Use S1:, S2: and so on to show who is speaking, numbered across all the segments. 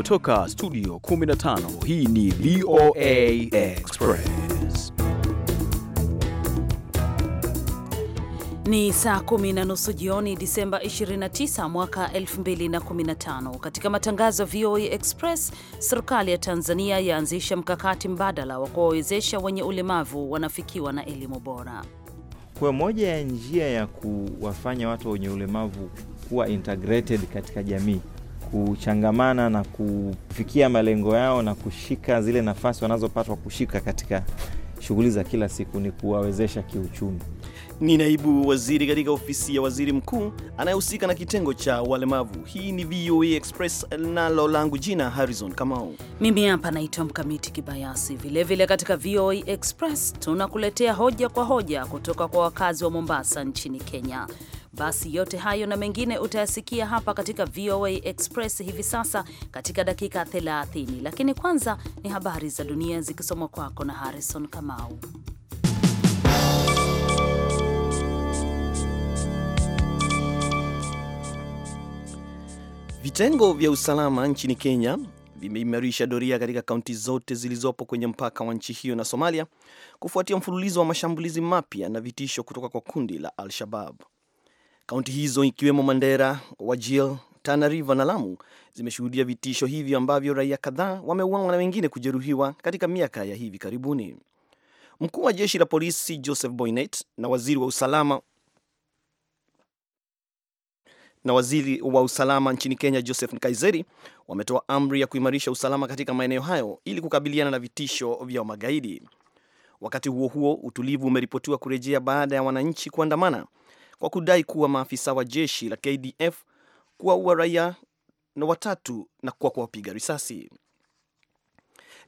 S1: kutoka studio 15 hii ni VOA Express
S2: ni saa kumi na nusu jioni Disemba 29 mwaka 2015 katika matangazo ya VOA Express serikali ya Tanzania yaanzisha mkakati mbadala wa kuwawezesha wenye ulemavu wanafikiwa na elimu bora
S3: kwa moja ya njia ya kuwafanya watu wenye ulemavu kuwa integrated katika jamii kuchangamana na kufikia malengo yao na kushika zile nafasi wanazopatwa kushika katika shughuli za kila siku, ni kuwawezesha kiuchumi
S1: ni naibu waziri katika ofisi ya waziri mkuu anayehusika na kitengo cha walemavu. Hii ni VOA Express, nalo langu jina Harrison Kamau.
S2: Mimi hapa naitwa Mkamiti Kibayasi. Vilevile katika VOA Express tunakuletea hoja kwa hoja kutoka kwa wakazi wa Mombasa nchini Kenya. Basi yote hayo na mengine utayasikia hapa katika VOA Express hivi sasa katika dakika 30, lakini kwanza ni habari za dunia zikisomwa kwako na Harrison Kamau.
S1: Vitengo vya usalama nchini Kenya vimeimarisha doria katika kaunti zote zilizopo kwenye mpaka wa nchi hiyo na Somalia kufuatia mfululizo wa mashambulizi mapya na vitisho kutoka kwa kundi la Al-Shabab. Kaunti hizo ikiwemo Mandera, Wajir, Tana River na Lamu zimeshuhudia vitisho hivyo ambavyo raia kadhaa wameuawa na wengine kujeruhiwa katika miaka ya hivi karibuni. Mkuu wa jeshi la polisi Joseph Boynet na waziri wa usalama na waziri wa usalama nchini Kenya Joseph Nkaiseri wametoa amri ya kuimarisha usalama katika maeneo hayo ili kukabiliana na vitisho vya magaidi. Wakati huo huo, utulivu umeripotiwa kurejea baada ya wananchi kuandamana kwa kudai kuwa maafisa wa jeshi la KDF kuwaua raia na watatu na kwa kuwapiga risasi.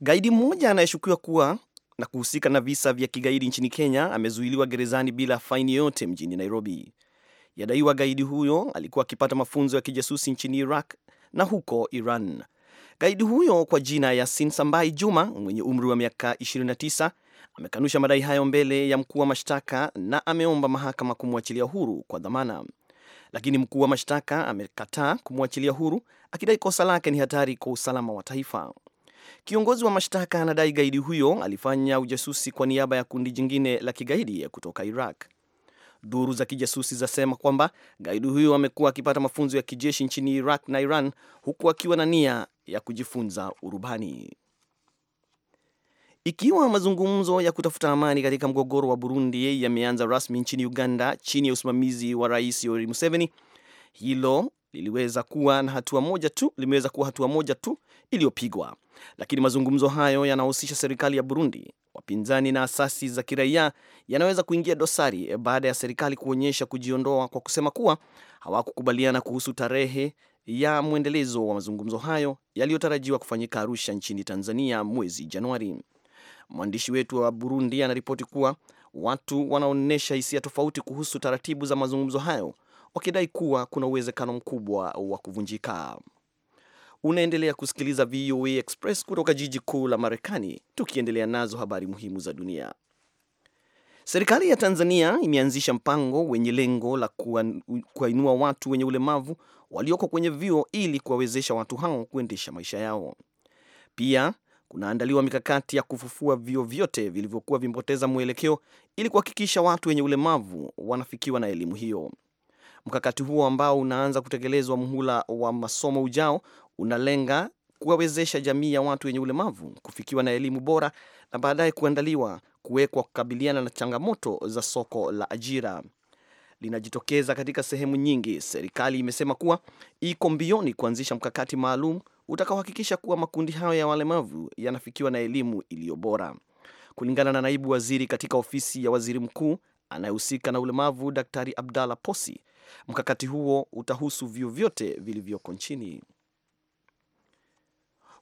S1: Gaidi mmoja anayeshukiwa kuwa na kuhusika na visa vya kigaidi nchini Kenya amezuiliwa gerezani bila faini yoyote mjini Nairobi. Yadaiwa gaidi huyo alikuwa akipata mafunzo ya kijasusi nchini Iraq na huko Iran. Gaidi huyo kwa jina Yasin Sambai Juma mwenye umri wa miaka 29 amekanusha madai hayo mbele ya mkuu wa mashtaka na ameomba mahakama kumwachilia huru kwa dhamana, lakini mkuu wa mashtaka amekataa kumwachilia huru akidai kosa lake ni hatari kwa usalama wa taifa. Kiongozi wa mashtaka anadai gaidi huyo alifanya ujasusi kwa niaba ya kundi jingine la kigaidi kutoka Iraq. Duru za kijasusi zasema kwamba gaidi huyo amekuwa akipata mafunzo ya kijeshi nchini Iraq na Iran huku akiwa na nia ya kujifunza urubani. Ikiwa mazungumzo ya kutafuta amani katika mgogoro wa Burundi yameanza rasmi nchini Uganda chini ya usimamizi wa Rais Yoweri Museveni, hilo liliweza kuwa na hatua moja tu limeweza kuwa hatua moja tu iliyopigwa, lakini mazungumzo hayo yanahusisha serikali ya Burundi wapinzani na asasi za kiraia yanaweza kuingia dosari baada ya serikali kuonyesha kujiondoa kwa kusema kuwa hawakukubaliana kuhusu tarehe ya mwendelezo wa mazungumzo hayo yaliyotarajiwa kufanyika Arusha nchini Tanzania mwezi Januari. Mwandishi wetu wa Burundi anaripoti kuwa watu wanaonyesha hisia tofauti kuhusu taratibu za mazungumzo hayo, wakidai kuwa kuna uwezekano mkubwa wa kuvunjika. Unaendelea kusikiliza VOA Express kutoka jiji kuu la Marekani, tukiendelea nazo habari muhimu za dunia. Serikali ya Tanzania imeanzisha mpango wenye lengo la kuwainua watu wenye ulemavu walioko kwenye vyuo ili kuwawezesha watu hao kuendesha maisha yao. Pia kunaandaliwa mikakati ya kufufua vyuo vyote vilivyokuwa vimepoteza mwelekeo ili kuhakikisha watu wenye ulemavu wanafikiwa na elimu hiyo. Mkakati huo ambao unaanza kutekelezwa muhula wa masomo ujao unalenga kuwawezesha jamii ya watu wenye ulemavu kufikiwa na elimu bora na baadaye kuandaliwa kuwekwa kukabiliana na changamoto za soko la ajira linajitokeza katika sehemu nyingi. Serikali imesema kuwa iko mbioni kuanzisha mkakati maalum utakaohakikisha kuwa makundi hayo ya walemavu yanafikiwa na elimu iliyo bora. Kulingana na naibu waziri katika ofisi ya waziri mkuu anayehusika na ulemavu, Daktari Abdalla Posi, mkakati huo utahusu vyuo vyote vilivyoko nchini.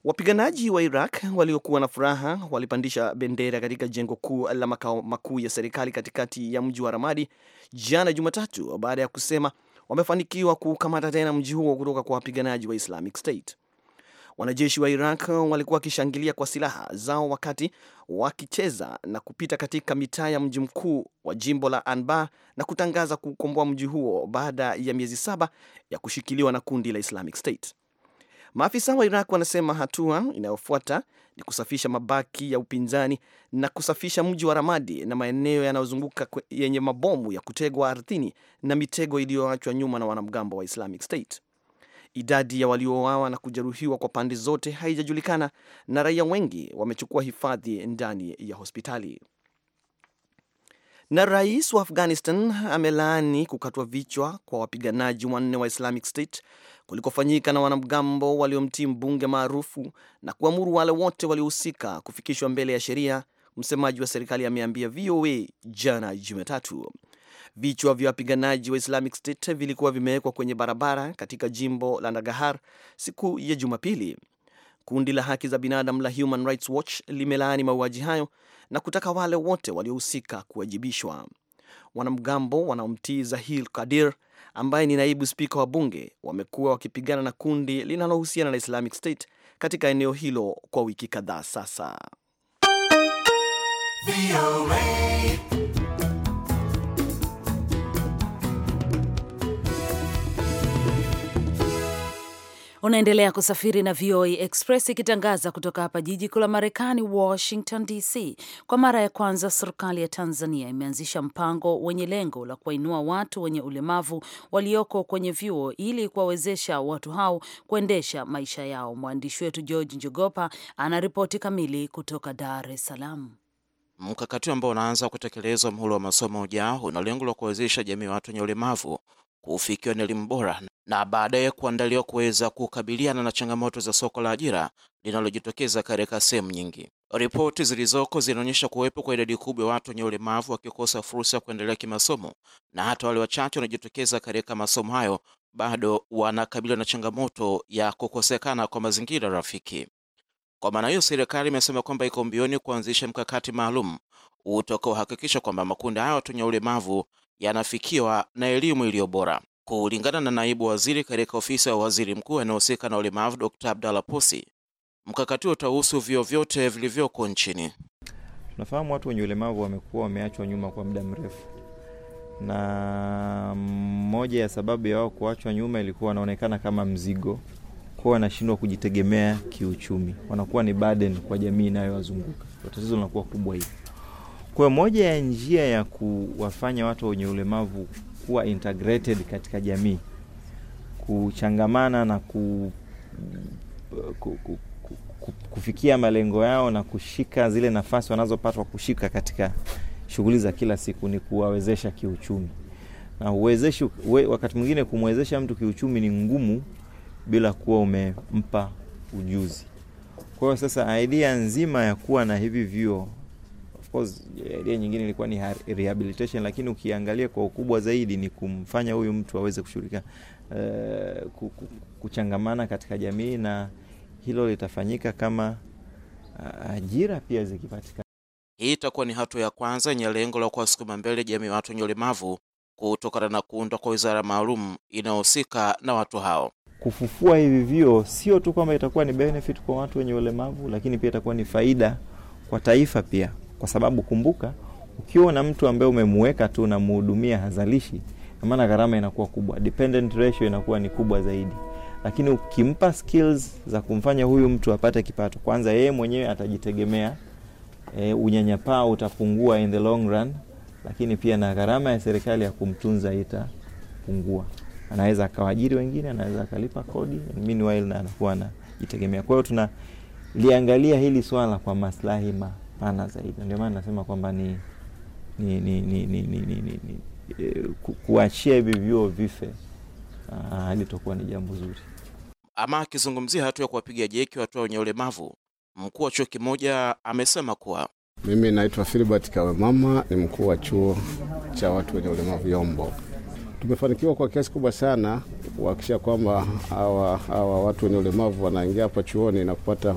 S1: Wapiganaji wa Iraq waliokuwa na furaha walipandisha bendera katika jengo kuu la makao makuu ya serikali katikati ya mji wa Ramadi jana Jumatatu, baada ya kusema wamefanikiwa kukamata tena mji huo kutoka kwa wapiganaji wa Islamic State. Wanajeshi wa Iraq walikuwa wakishangilia kwa silaha zao wakati wakicheza na kupita katika mitaa ya mji mkuu wa jimbo la Anbar na kutangaza kukomboa mji huo baada ya miezi saba ya kushikiliwa na kundi la Islamic State. Maafisa wa Iraq wanasema hatua inayofuata ni kusafisha mabaki ya upinzani na kusafisha mji wa Ramadi na maeneo yanayozunguka yenye mabomu ya kutegwa ardhini na mitego iliyoachwa nyuma na wanamgambo wa Islamic State. Idadi ya waliouawa na kujeruhiwa kwa pande zote haijajulikana na raia wengi wamechukua hifadhi ndani ya hospitali. Na rais wa Afghanistan amelaani kukatwa vichwa kwa wapiganaji wanne wa Islamic State kulikofanyika na wanamgambo waliomtii mbunge maarufu na kuamuru wale wote waliohusika kufikishwa mbele ya sheria. Msemaji wa serikali ameambia VOA jana Jumatatu vichwa vya wapiganaji wa Islamic State vilikuwa vimewekwa kwenye barabara katika jimbo la Nagahar siku ya Jumapili Kundi la haki za binadamu la Human Rights Watch limelaani mauaji hayo na kutaka wale wote waliohusika kuwajibishwa. Wanamgambo wanaomtii Zahir Kadir ambaye ni naibu spika wa bunge wamekuwa wakipigana na kundi linalohusiana na Islamic State katika eneo hilo kwa wiki kadhaa sasa.
S2: Unaendelea kusafiri na VOA Express ikitangaza kutoka hapa jiji kuu la Marekani, Washington DC. Kwa mara ya kwanza, serikali ya Tanzania imeanzisha mpango wenye lengo la kuwainua watu wenye ulemavu walioko kwenye vyuo ili kuwawezesha watu hao kuendesha maisha yao. Mwandishi wetu George Njogopa anaripoti kamili kutoka Dar es Salaam.
S4: Mkakati ambao unaanza kutekelezwa mhula wa masomo ujao una lengo la kuwawezesha jamii ya watu wenye ulemavu kufikiwa na elimu bora na baadaye kuandaliwa kuweza kukabiliana na changamoto za soko la ajira linalojitokeza katika sehemu nyingi. Ripoti zilizoko zinaonyesha kuwepo kwa idadi kubwa ya watu wenye ulemavu wakikosa fursa ya kuendelea kimasomo, na hata wale wachache wanaojitokeza katika masomo hayo bado wanakabiliwa na changamoto ya kukosekana kwa mazingira rafiki. Kwa maana hiyo, serikali imesema kwamba iko mbioni kuanzisha mkakati maalum utakaohakikisha kwamba makundi hayo watu wenye ulemavu yanafikiwa na elimu iliyo bora. Kulingana na naibu waziri katika ofisi ya waziri mkuu anayehusika na ulemavu d Abdalla Pusi, mkakati utahusu vyuo vyote vilivyoko nchini.
S3: Tunafahamu watu wenye ulemavu wamekuwa wameachwa nyuma kwa muda mrefu, na moja ya sababu ya wao kuachwa nyuma ilikuwa wanaonekana kama mzigo kwa wanashindwa kujitegemea kiuchumi, wanakuwa ni burden kwa jamii inayowazunguka. Tatizo linakuwa kubwa hivi kwa moja ya njia ya kuwafanya watu wenye ulemavu kuwa integrated katika jamii, kuchangamana na ku, ku, ku, ku, kufikia malengo yao na kushika zile nafasi wanazopatwa kushika katika shughuli za kila siku ni kuwawezesha kiuchumi. Na uwezeshi, wakati mwingine kumwezesha mtu kiuchumi ni ngumu bila kuwa umempa ujuzi. Kwa hiyo sasa aidia nzima ya kuwa na hivi vyuo course area nyingine ilikuwa ni rehabilitation, lakini ukiangalia kwa ukubwa zaidi ni kumfanya huyu mtu aweze kushirika uh, eh, kuchangamana katika jamii, na hilo litafanyika kama uh, ajira pia zikipatikana.
S4: Hii itakuwa ni hatua ya kwanza yenye lengo la kuwasukuma mbele jamii watu wenye ulemavu kutokana na kuundwa kwa wizara maalum inayohusika na watu
S3: hao. Kufufua hivi vio sio tu kwamba itakuwa ni benefit kwa watu wenye ulemavu, lakini pia itakuwa ni faida kwa taifa pia kwa sababu kumbuka, ukiwa na mtu ambaye umemweka tu namhudumia hazalishi, maana gharama inakuwa kubwa, dependent ratio inakuwa ni kubwa zaidi. Lakini ukimpa skills za kumfanya huyu mtu apate kipato, kwanza yeye mwenyewe atajitegemea, e, unyanyapaa utapungua in the long run, lakini pia na gharama ya serikali ya kumtunza itapungua. Anaweza akawajiri wengine, anaweza akalipa kodi, meanwhile na anakuwa anajitegemea. Kwa hiyo tunaliangalia hili swala kwa maslahi ma pana zaidi, ndio maana nasema kwamba ni, ni, ni, ni, ni, ni, ni, ni, ni e, ku, kuachia hivi vyuo vife halitokuwa ni jambo zuri.
S4: Ama akizungumzia hatua ya kuwapiga jeki watu wenye ulemavu, mkuu wa chuo kimoja amesema kuwa mimi naitwa Filbert Kawe Mama, ni mkuu wa chuo cha watu wenye ulemavu Yombo. Tumefanikiwa kwa kiasi kubwa sana kuhakikisha kwamba hawa, hawa watu wenye ulemavu wanaingia hapa chuoni na kupata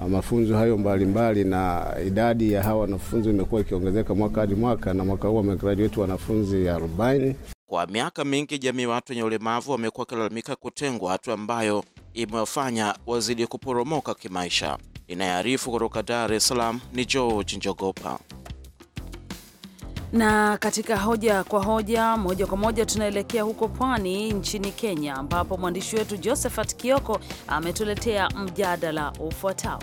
S4: Ah, mafunzo hayo mbalimbali mbali, na idadi ya hawa wanafunzi imekuwa ikiongezeka mwaka hadi mwaka, na mwaka huu wamegraduate wanafunzi 40. Kwa miaka mingi jamii watu wenye ulemavu wamekuwa wakilalamika kutengwa, hatua ambayo imewafanya wazidi kuporomoka kimaisha. Inayoarifu kutoka Dar es Salaam ni George Njogopa.
S2: Na katika hoja kwa hoja, moja kwa moja tunaelekea huko pwani nchini Kenya, ambapo mwandishi wetu Josephat Kioko ametuletea mjadala ufuatao.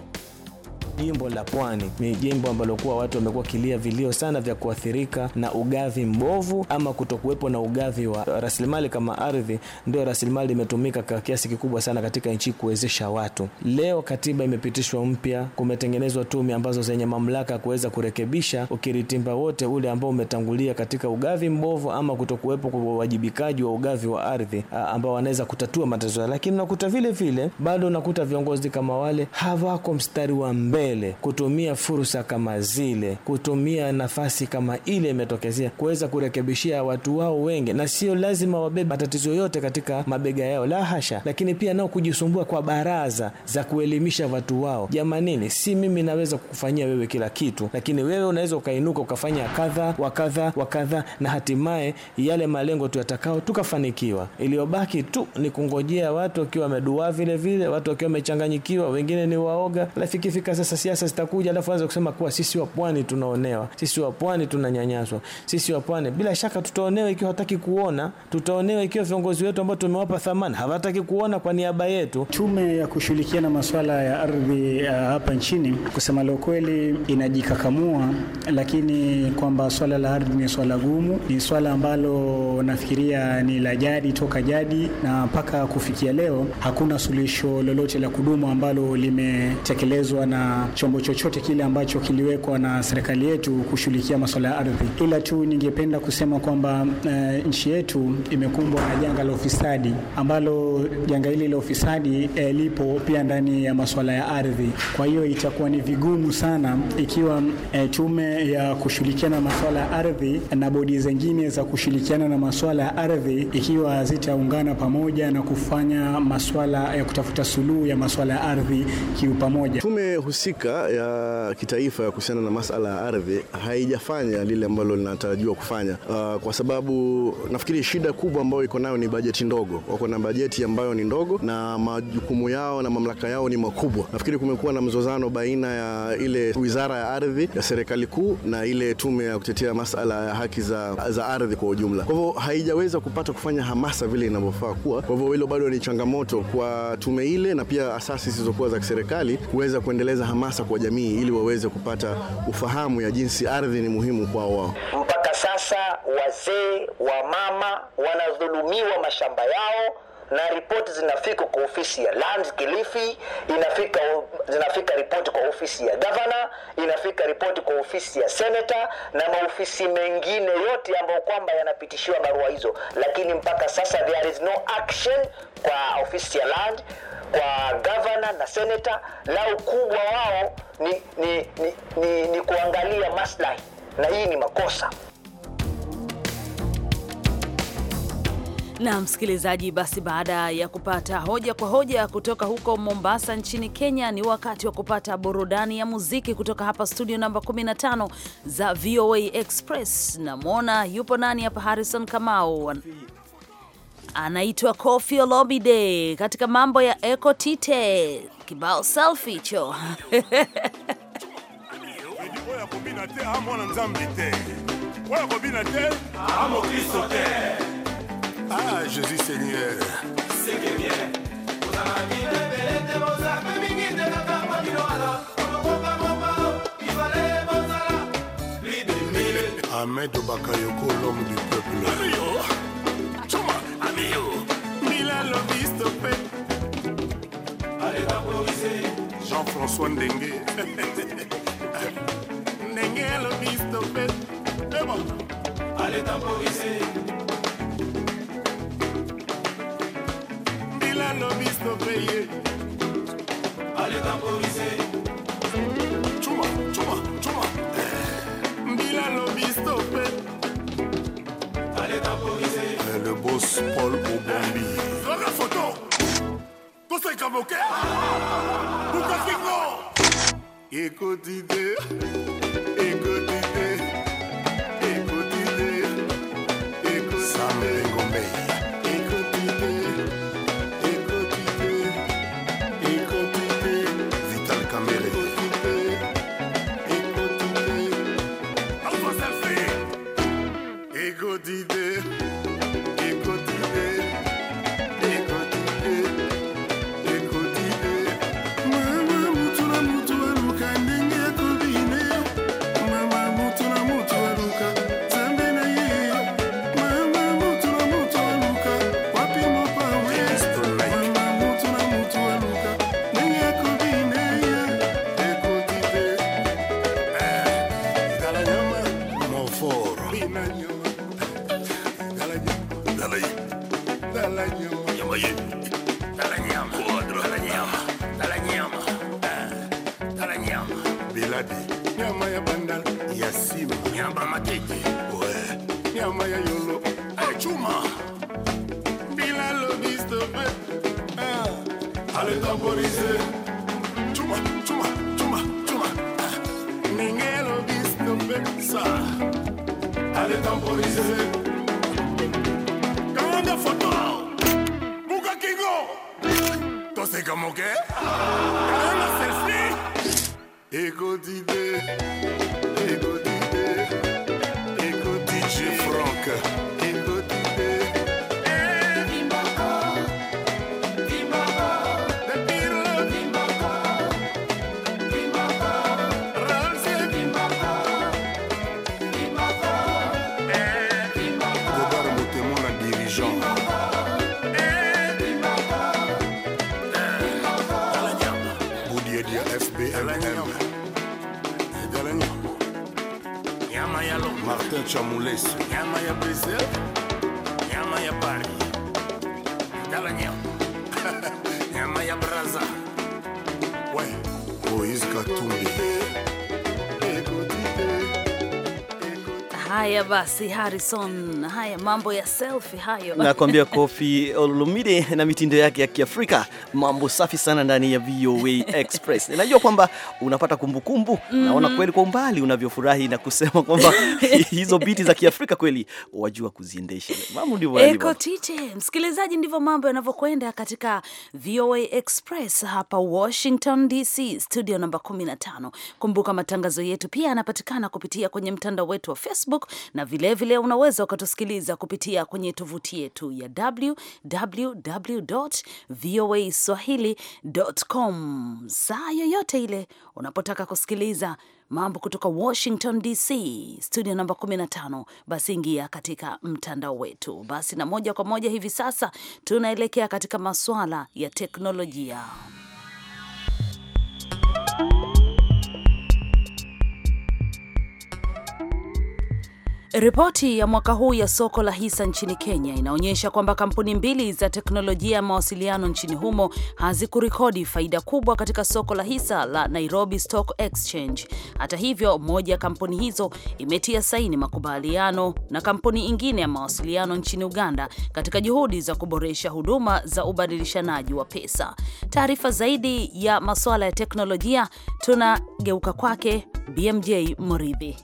S5: Jimbo la Pwani ni jimbo ambalo kuwa watu wamekuwa kilia vilio sana vya kuathirika na ugavi mbovu ama kutokuwepo na ugavi wa rasilimali kama ardhi. Ndio rasilimali imetumika kwa kiasi kikubwa sana katika nchi kuwezesha watu. Leo katiba imepitishwa mpya, kumetengenezwa tume ambazo zenye mamlaka kuweza kurekebisha ukiritimba wote ule ambao umetangulia katika ugavi mbovu ama kutokuwepo kwa uwajibikaji wa ugavi wa ardhi ambao wanaweza kutatua matatizo, lakini nakuta vile vile bado nakuta viongozi kama wale hawako mstari wa mbele mbele, kutumia fursa kama zile, kutumia nafasi kama ile imetokezea kuweza kurekebishia watu wao wengi, na sio lazima wabebe matatizo yote katika mabega yao, la hasha, lakini pia nao kujisumbua kwa baraza za kuelimisha watu wao. Jamanini, si mimi naweza kukufanyia wewe kila kitu, lakini wewe unaweza ukainuka ukafanya kadha wa kadha wa kadha, na hatimaye yale malengo tuyatakao tukafanikiwa. Iliyobaki tu ni kungojea, watu wakiwa wameduaa vile vile, watu wakiwa wamechanganyikiwa, wengine ni waoga, lafikifika sasa sasa siasa zitakuja, alafu anza kusema kuwa sisi wa pwani tunaonewa, sisi wa pwani tunanyanyaswa, sisi wa pwani. Bila shaka tutaonewa ikiwa hataki kuona, tutaonewa ikiwa viongozi wetu ambao tumewapa thamani hawataki kuona kwa niaba yetu. Tume ya kushughulikia na masuala ya ardhi eh, hapa nchini, kusema la kweli, inajikakamua, lakini kwamba swala la ardhi ni swala gumu, ni swala ambalo nafikiria ni la jadi toka jadi na mpaka kufikia leo hakuna suluhisho lolote la kudumu ambalo limetekelezwa na chombo chochote kile ambacho kiliwekwa na serikali yetu kushughulikia masuala ya ardhi, ila tu ningependa kusema kwamba e, nchi yetu imekumbwa na janga la ufisadi, ambalo janga hili la ufisadi e, lipo pia ndani ya masuala ya ardhi. Kwa hiyo itakuwa ni vigumu sana ikiwa e, tume ya kushughulikiana na masuala ya ardhi na bodi zingine za kushirikiana na masuala ya ardhi ikiwa zitaungana pamoja na kufanya masuala ya kutafuta suluhu ya masuala ya ardhi kiupamoja.
S1: Tume husika Afrika ya kitaifa ya kuhusiana na masala ya ardhi haijafanya lile ambalo linatarajiwa kufanya. Uh, kwa sababu nafikiri shida kubwa ambayo iko nayo ni bajeti ndogo. Wako na bajeti ambayo ni ndogo na majukumu yao na mamlaka yao ni makubwa. Nafikiri kumekuwa na mzozano baina ya ile wizara ya ardhi ya serikali kuu na ile tume ya kutetea masala ya haki za, za ardhi kwa ujumla. Kwa hivyo haijaweza kupata kufanya hamasa vile inavyofaa kuwa. Kwa hivyo hilo bado ni changamoto kwa tume ile na pia asasi zilizokuwa za kiserikali kuweza kuendeleza hamasa hamasa kwa jamii ili waweze kupata ufahamu ya jinsi ardhi ni muhimu kwao wao.
S6: Mpaka sasa wazee, wamama wanadhulumiwa mashamba yao na ripoti zinafika kwa ofisi ya land Kilifi, inafika zinafika ripoti kwa ofisi
S4: ya gavana, inafika ripoti kwa ofisi ya senata na maofisi mengine yote ambayo kwamba yanapitishiwa barua hizo, lakini mpaka sasa there is no action kwa ofisi ya land, kwa gavana na senata La ukubwa wao
S6: ni, ni, ni, ni, ni kuangalia maslahi, na hii ni makosa.
S2: Na msikilizaji, basi baada ya kupata hoja kwa hoja kutoka huko Mombasa nchini Kenya, ni wakati wa kupata burudani ya muziki kutoka hapa studio namba 15 za VOA Express. Namwona yupo nani hapa, Harrison Kamau anaitwa Koffi Olomide katika mambo ya Eco Tite, kibao selfie cho
S3: Ah, Jésus Seigneur.
S7: Ahmed Bakayoko, l'homme du peuple. Amio, Choma, Amio,
S5: Mila Lobistope. Allez temporiser. Jean-François Ndengue.
S7: Ndengue Lobistope.
S8: Allez temporiser.
S7: na novice no paye. Allez temporiser. Chuma, chuma, chuma. Bila novice no paye.
S3: Allez temporiser. Eh, le boss Paul Obombi.
S7: la photo. Conseil comme ok. Bouka
S2: Écoute idée.
S4: quê? Caramba, Ego de D, ego de D, ego de
S2: G,
S5: important to amuleço. Yama ya preserve, yama ya pari. Dalanyo,
S7: yama ya brasa.
S2: Haya basi, Harrison, haya mambo ya selfie hayo. Nakwambia
S1: Kofi Olumide na mitindo yake ya Kiafrika, mambo safi sana ndani ya VOA Express. Najua kwamba unapata kumbukumbu mm -hmm. Naona kweli kwa umbali unavyofurahi na kusema kwamba hizo biti za Kiafrika kweli wajua kuziendesha. Mambo ndivyo yalivyo. Eko
S2: tiche, msikilizaji, ndivyo mambo yanavyokwenda katika VOA Express hapa Washington DC, studio namba 15. Kumbuka matangazo yetu pia yanapatikana kupitia kwenye mtandao wetu wa Facebook Facebook na vilevile vile unaweza ukatusikiliza kupitia kwenye tovuti yetu ya www voa swahili.com saa yoyote ile unapotaka kusikiliza mambo kutoka Washington DC, studio namba 15, basi ingia katika mtandao wetu. Basi na moja kwa moja hivi sasa tunaelekea katika masuala ya teknolojia. Ripoti ya mwaka huu ya soko la hisa nchini Kenya inaonyesha kwamba kampuni mbili za teknolojia ya mawasiliano nchini humo hazikurekodi faida kubwa katika soko la hisa la Nairobi Stock Exchange. Hata hivyo, moja ya kampuni hizo imetia saini makubaliano na kampuni ingine ya mawasiliano nchini Uganda katika juhudi za kuboresha huduma za ubadilishanaji wa pesa. Taarifa zaidi ya masuala ya teknolojia tunageuka kwake BMJ Moridhi.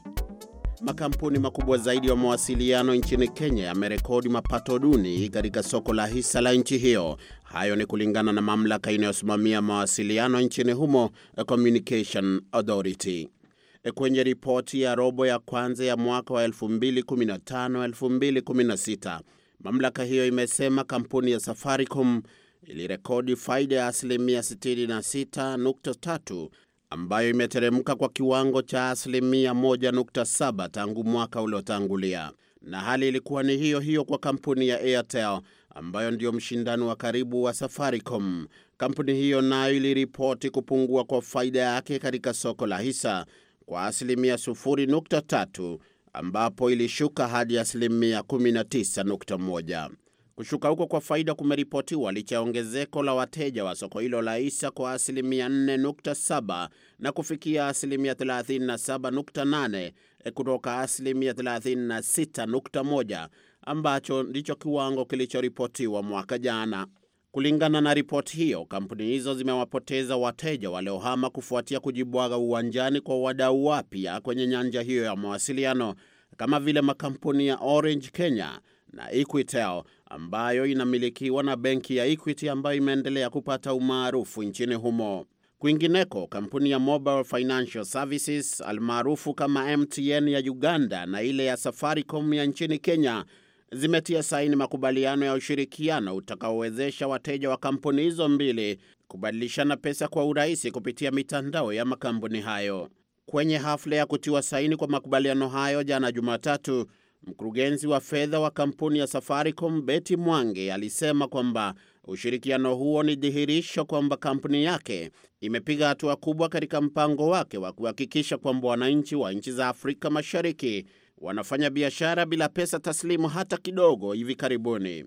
S7: Makampuni makubwa zaidi ya mawasiliano nchini Kenya yamerekodi mapato duni katika soko la hisa la nchi hiyo. Hayo ni kulingana na mamlaka inayosimamia mawasiliano nchini humo, eh, Communication Authority. Eh, kwenye ripoti ya robo ya kwanza ya mwaka wa 2015-2016 mamlaka hiyo imesema kampuni ya Safaricom ilirekodi faida ya asilimia 66.3 ambayo imeteremka kwa kiwango cha asilimia 1.7 tangu mwaka uliotangulia, na hali ilikuwa ni hiyo hiyo kwa kampuni ya Airtel ambayo ndiyo mshindani wa karibu wa Safaricom. Kampuni hiyo nayo iliripoti kupungua kwa faida yake katika soko la hisa kwa asilimia 0.3 ambapo ilishuka hadi asilimia 19.1. Kushuka huko kwa faida kumeripotiwa licha ya ongezeko la wateja wa soko hilo la hisa kwa asilimia 4.7 na kufikia asilimia 37.8 eh, kutoka asilimia 36.1 ambacho ndicho kiwango kilichoripotiwa mwaka jana. Kulingana na ripoti hiyo, kampuni hizo zimewapoteza wateja waliohama kufuatia kujibwaga uwanjani kwa wadau wapya kwenye nyanja hiyo ya mawasiliano kama vile makampuni ya Orange Kenya na Equitel ambayo inamilikiwa na benki ya Equity ambayo imeendelea kupata umaarufu nchini humo. Kwingineko, kampuni ya Mobile Financial Services almaarufu kama MTN ya Uganda na ile ya Safaricom ya nchini Kenya zimetia saini makubaliano ya ushirikiano utakaowezesha wateja wa kampuni hizo mbili kubadilishana pesa kwa urahisi kupitia mitandao ya makampuni hayo. Kwenye hafla ya kutiwa saini kwa makubaliano hayo jana Jumatatu, Mkurugenzi wa fedha wa kampuni ya Safaricom Betty mwange alisema kwamba ushirikiano huo ni dhihirisho kwamba kampuni yake imepiga hatua kubwa katika mpango wake wa kuhakikisha kwamba wananchi wa nchi za Afrika Mashariki wanafanya biashara bila pesa taslimu hata kidogo. Hivi karibuni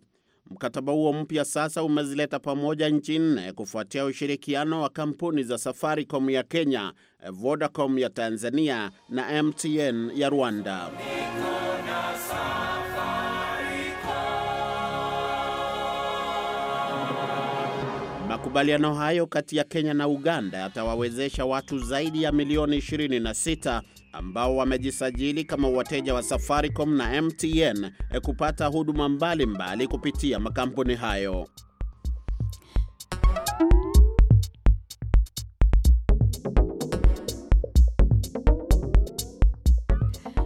S7: mkataba huo mpya sasa umezileta pamoja nchi nne kufuatia ushirikiano wa kampuni za Safaricom ya Kenya, Vodacom ya Tanzania na MTN ya Rwanda. Makubaliano hayo kati ya Kenya na Uganda yatawawezesha watu zaidi ya milioni 26 ambao wamejisajili kama wateja wa Safaricom na MTN kupata huduma mbalimbali mbali kupitia makampuni hayo.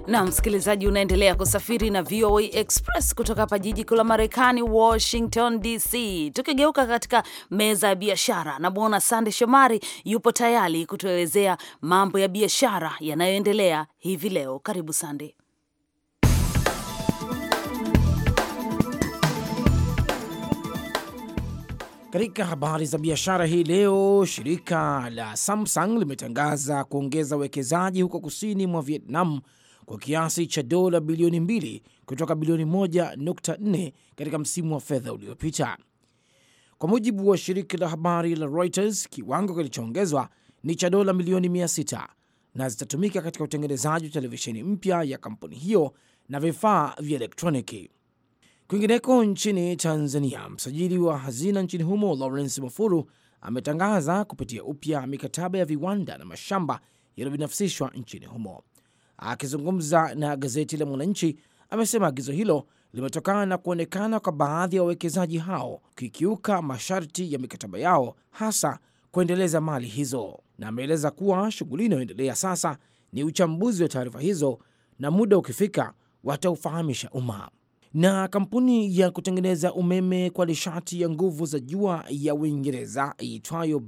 S2: na msikilizaji, unaendelea kusafiri na VOA Express kutoka hapa jiji kuu la Marekani, Washington DC. Tukigeuka katika meza ya biashara, namwona Sande Shomari yupo tayari kutuelezea mambo ya biashara yanayoendelea hivi leo. Karibu Sande.
S6: Katika habari za biashara hii leo, shirika la Samsung limetangaza kuongeza uwekezaji huko kusini mwa Vietnam kwa kiasi cha dola bilioni mbili kutoka bilioni 1.4 katika msimu wa fedha uliopita. Kwa mujibu wa shirika la habari la Reuters, kiwango kilichoongezwa ni cha dola milioni 600 na zitatumika katika utengenezaji wa televisheni mpya ya kampuni hiyo na vifaa vya elektroniki. Kwingineko nchini Tanzania, msajili wa hazina nchini humo Lawrence Mafuru ametangaza kupitia upya mikataba ya viwanda na mashamba yaliyobinafsishwa nchini humo. Akizungumza na gazeti la Mwananchi, amesema agizo hilo limetokana na kuonekana kwa baadhi ya wawekezaji hao kikiuka masharti ya mikataba yao, hasa kuendeleza mali hizo, na ameeleza kuwa shughuli inayoendelea sasa ni uchambuzi wa taarifa hizo na muda ukifika wataufahamisha umma. Na kampuni ya kutengeneza umeme kwa nishati ya nguvu za jua ya Uingereza iitwayo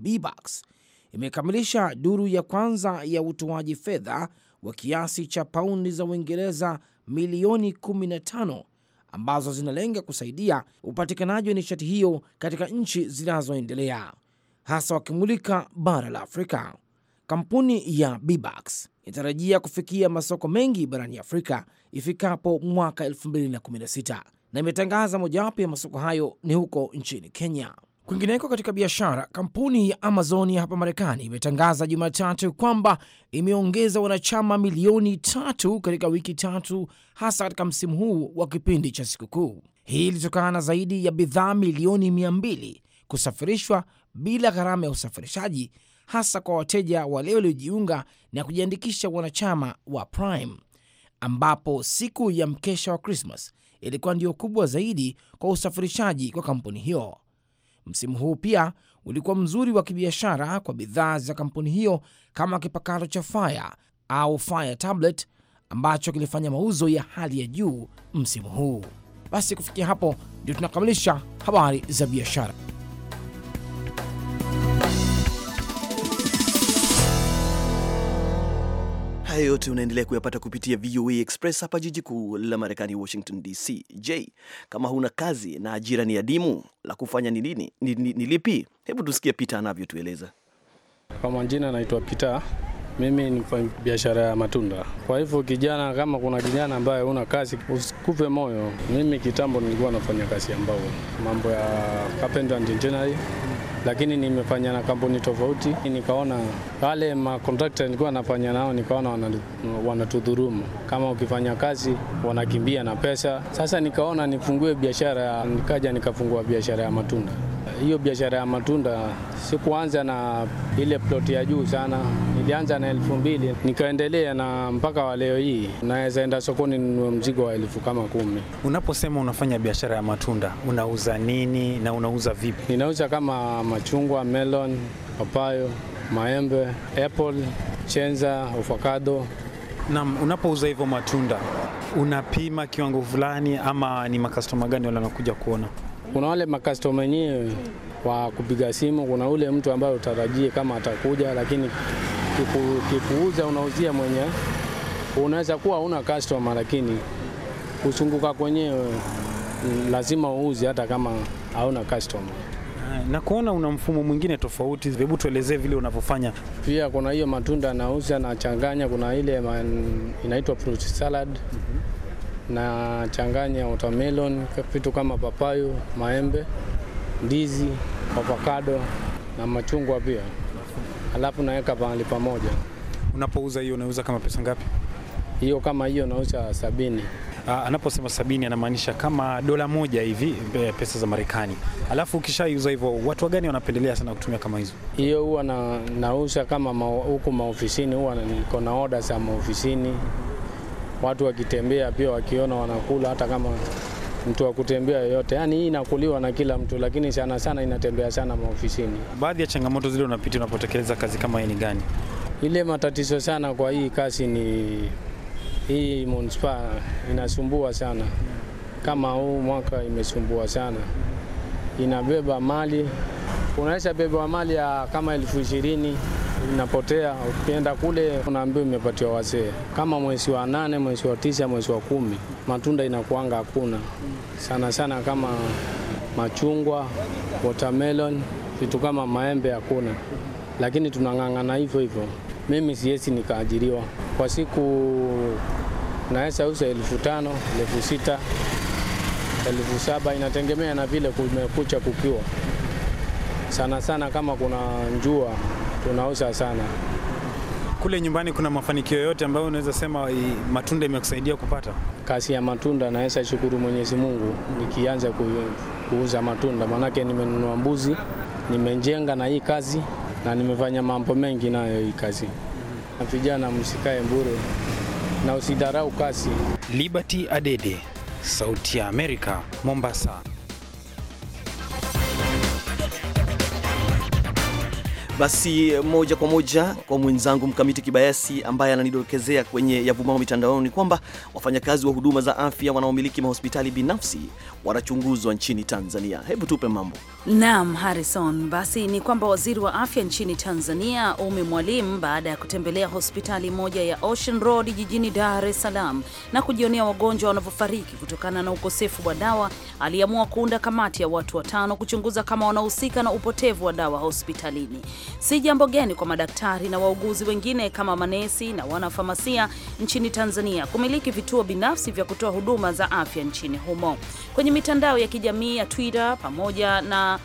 S6: imekamilisha duru ya kwanza ya utoaji fedha wa kiasi cha paundi za Uingereza milioni 15 ambazo zinalenga kusaidia upatikanaji wa nishati hiyo katika nchi zinazoendelea, hasa wakimulika bara la Afrika. Kampuni ya Bibax inatarajia kufikia masoko mengi barani Afrika ifikapo mwaka 2016 na imetangaza mojawapo ya masoko hayo ni huko nchini Kenya. Kwingineko katika biashara, kampuni ya Amazon ya hapa Marekani imetangaza Jumatatu kwamba imeongeza wanachama milioni tatu katika wiki tatu, hasa katika msimu huu wa kipindi cha sikukuu. Hii ilitokana na zaidi ya bidhaa milioni mia mbili kusafirishwa bila gharama ya usafirishaji, hasa kwa wateja wale waliojiunga na kujiandikisha wanachama wa Prime, ambapo siku ya mkesha wa Krismas ilikuwa ndio kubwa zaidi kwa usafirishaji kwa kampuni hiyo. Msimu huu pia ulikuwa mzuri wa kibiashara kwa bidhaa za kampuni hiyo kama kipakato cha Fire au Fire Tablet ambacho kilifanya mauzo ya hali ya juu msimu huu. Basi kufikia hapo ndio tunakamilisha habari za biashara.
S1: hayo yote unaendelea kuyapata kupitia VOA Express hapa jiji kuu la Marekani, Washington DC. j kama huna kazi na ajira ni adimu, la kufanya ni nini? Ni, ni, ni lipi? Hebu tusikie Pita anavyotueleza.
S8: Kwa majina naitwa Pita, mimi ni mfanya biashara ya matunda. Kwa hivyo kijana, kama kuna kijana ambaye una kazi usikupe moyo. Mimi kitambo nilikuwa nafanya kazi ambao mambo ya carpentry and engineering lakini nimefanya na kampuni tofauti, nikaona wale makontrakta nilikuwa nafanya nao, nikaona wanatudhurumu, kama ukifanya kazi wanakimbia na pesa. Sasa nikaona nifungue biashara, nikaja nikafungua biashara ya matunda hiyo biashara ya matunda sikuanza na ile ploti ya juu sana, nilianza na elfu mbili nikaendelea na mpaka wa leo hii, naweza enda sokoni ninunue mzigo wa elfu kama kumi. Unaposema unafanya biashara ya matunda, unauza nini na unauza vipi? Ninauza kama machungwa, melon, papayo, maembe, apple, chenza, avocado. Naam, unapouza hivyo matunda unapima kiwango fulani ama ni makastoma gani wale wanakuja kuona? kuna wale makastoma wenyewe wa kupiga simu, kuna ule mtu ambaye utarajie kama atakuja, lakini kikuuza unauzia mwenye, unaweza kuwa una customer, lakini kusunguka kwenyewe mm, lazima uuze hata kama hauna customer. Na kuona una mfumo mwingine tofauti, hebu tuelezee vile unavyofanya. Pia kuna hiyo matunda anauza na changanya, kuna ile inaitwa fruit salad mm -hmm na changanya watermelon, vitu kama papayo, maembe, ndizi, avocado na machungwa pia, alafu naweka pahali pamoja. Unapouza hiyo unauza kama pesa ngapi? Hiyo kama hiyo nauza sabini. Aa, ah, anaposema sabini anamaanisha kama dola moja hivi pesa za Marekani. Alafu ukishaiuza hivyo, watu wagani wanapendelea sana kutumia kama hizo? Hiyo huwa na, nauza kama huku ma, maofisini, huwa niko na oda za maofisini watu wakitembea pia wakiona wanakula, hata kama mtu wa kutembea yoyote. Yani hii inakuliwa na kila mtu, lakini sana sana inatembea sana maofisini. Baadhi ya changamoto zile unapitia unapotekeleza kazi kama hii ni gani? Ile matatizo sana kwa hii kazi ni hii munisipa inasumbua sana, kama huu mwaka imesumbua sana, inabeba mali, unaweza beba mali ya kama elfu ishirini inapotea. Ukienda kule unaambiwa imepatiwa wazee, kama mwezi wa nane, mwezi wa tisa, mwezi wa kumi, matunda inakuanga hakuna sana sana, kama machungwa, watermelon, vitu kama maembe hakuna, lakini tunang'ang'ana hivyo hivyo. Mimi siwezi nikaajiriwa kwa siku, naweza uza elfu tano elfu sita elfu saba inategemea na vile kumekucha kukiwa sana sana, kama kuna njua unaosha sana. Kule nyumbani kuna mafanikio yote ambayo unaweza sema matunda imekusaidia kupata? Kazi ya matunda naweza shukuru Mwenyezi Mungu nikianza kuuza matunda, maanake nimenunua mbuzi, nimejenga na hii kazi na nimefanya mambo mengi nayo hii kazi. Na vijana msikae mbure na usidharau kazi. Liberty Adede,
S1: Sauti ya Amerika, Mombasa. Basi moja kwa moja kwa mwenzangu Mkamiti Kibayasi ambaye ananidokezea kwenye yavumao mitandaoni kwamba wafanyakazi wa huduma za afya wanaomiliki mahospitali binafsi wanachunguzwa nchini Tanzania. Hebu tupe mambo.
S2: Naam, Harrison, basi ni kwamba waziri wa afya nchini Tanzania Umi Mwalimu, baada ya kutembelea hospitali moja ya Ocean Road jijini Dar es Salaam na kujionea wagonjwa wanavyofariki kutokana na ukosefu wa dawa, aliamua kuunda kamati ya watu watano kuchunguza kama wanahusika na upotevu wa dawa hospitalini si jambo geni kwa madaktari na wauguzi wengine kama manesi na wanafamasia nchini Tanzania kumiliki vituo binafsi vya kutoa huduma za afya nchini humo. Kwenye mitandao ya kijamii ya Twitter pamoja na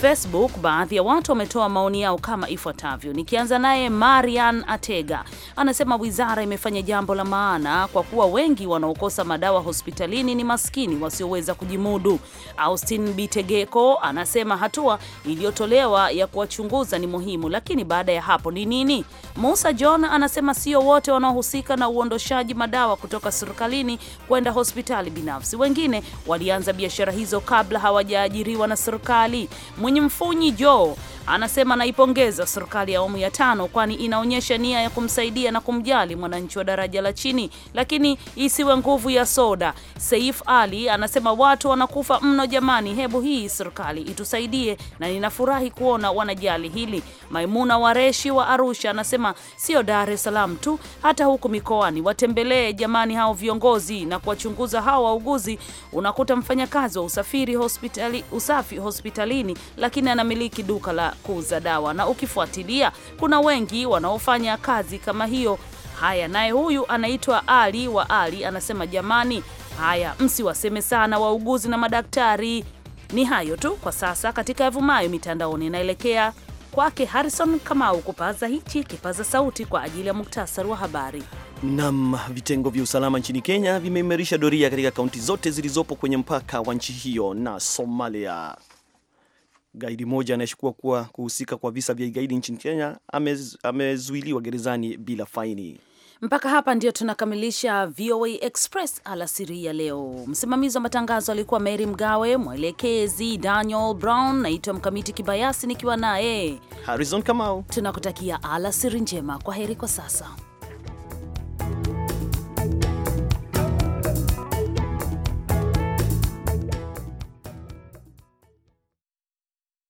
S2: Facebook, baadhi ya watu wametoa maoni yao kama ifuatavyo. Nikianza naye Marian Atega anasema wizara imefanya jambo la maana kwa kuwa wengi wanaokosa madawa hospitalini ni maskini wasioweza kujimudu. Austin Bitegeko anasema hatua iliyotolewa ya kuwachunguza ni muhimu, lakini baada ya hapo ni nini? Musa John anasema sio wote wanaohusika na uondoshaji madawa kutoka serikalini kwenda hospitali binafsi, wengine walianza biashara hizo kabla hawajaajiriwa na serikali. mwenye mfunyi Joe anasema anaipongeza serikali ya awamu ya tano, kwani inaonyesha nia ya kumsaidia na kumjali mwananchi wa daraja la chini, lakini isiwe nguvu ya soda. Saif Ali anasema watu wanakufa mno jamani, hebu hii serikali itusaidie, na ninafurahi kuona wanajali hili. Maimuna Wareshi wa Arusha anasema sio Dar es Salaam tu, hata huku mikoani watembelee jamani hao viongozi na kuwachunguza hao wauguzi. Unakuta mfanyakazi wa usafiri hospitali, usafi hospitalini, lakini anamiliki duka la kuuza dawa, na ukifuatilia kuna wengi wanaofanya kazi kama hiyo. Haya, naye huyu anaitwa Ali wa Ali anasema, jamani, haya msiwaseme sana wauguzi na madaktari. Ni hayo tu kwa sasa katika yavumayo mitandaoni. inaelekea kwake Harrison Kamau kupaza hichi kipaza sauti kwa ajili ya muktasari wa habari.
S1: Nam, vitengo vya usalama nchini Kenya vimeimarisha doria katika kaunti zote zilizopo kwenye mpaka wa nchi hiyo na Somalia. Gaidi moja anayeshukua kuwa kuhusika kwa visa vya igaidi nchini Kenya amezuiliwa amezuiliwa gerezani bila faini.
S2: Mpaka hapa ndio tunakamilisha VOA Express alasiri ya leo. Msimamizi wa matangazo alikuwa Mary Mgawe, mwelekezi Daniel Brown. Naitwa Mkamiti Kibayasi nikiwa naye Harrison Kamau. Tunakutakia alasiri njema. Kwa heri kwa sasa.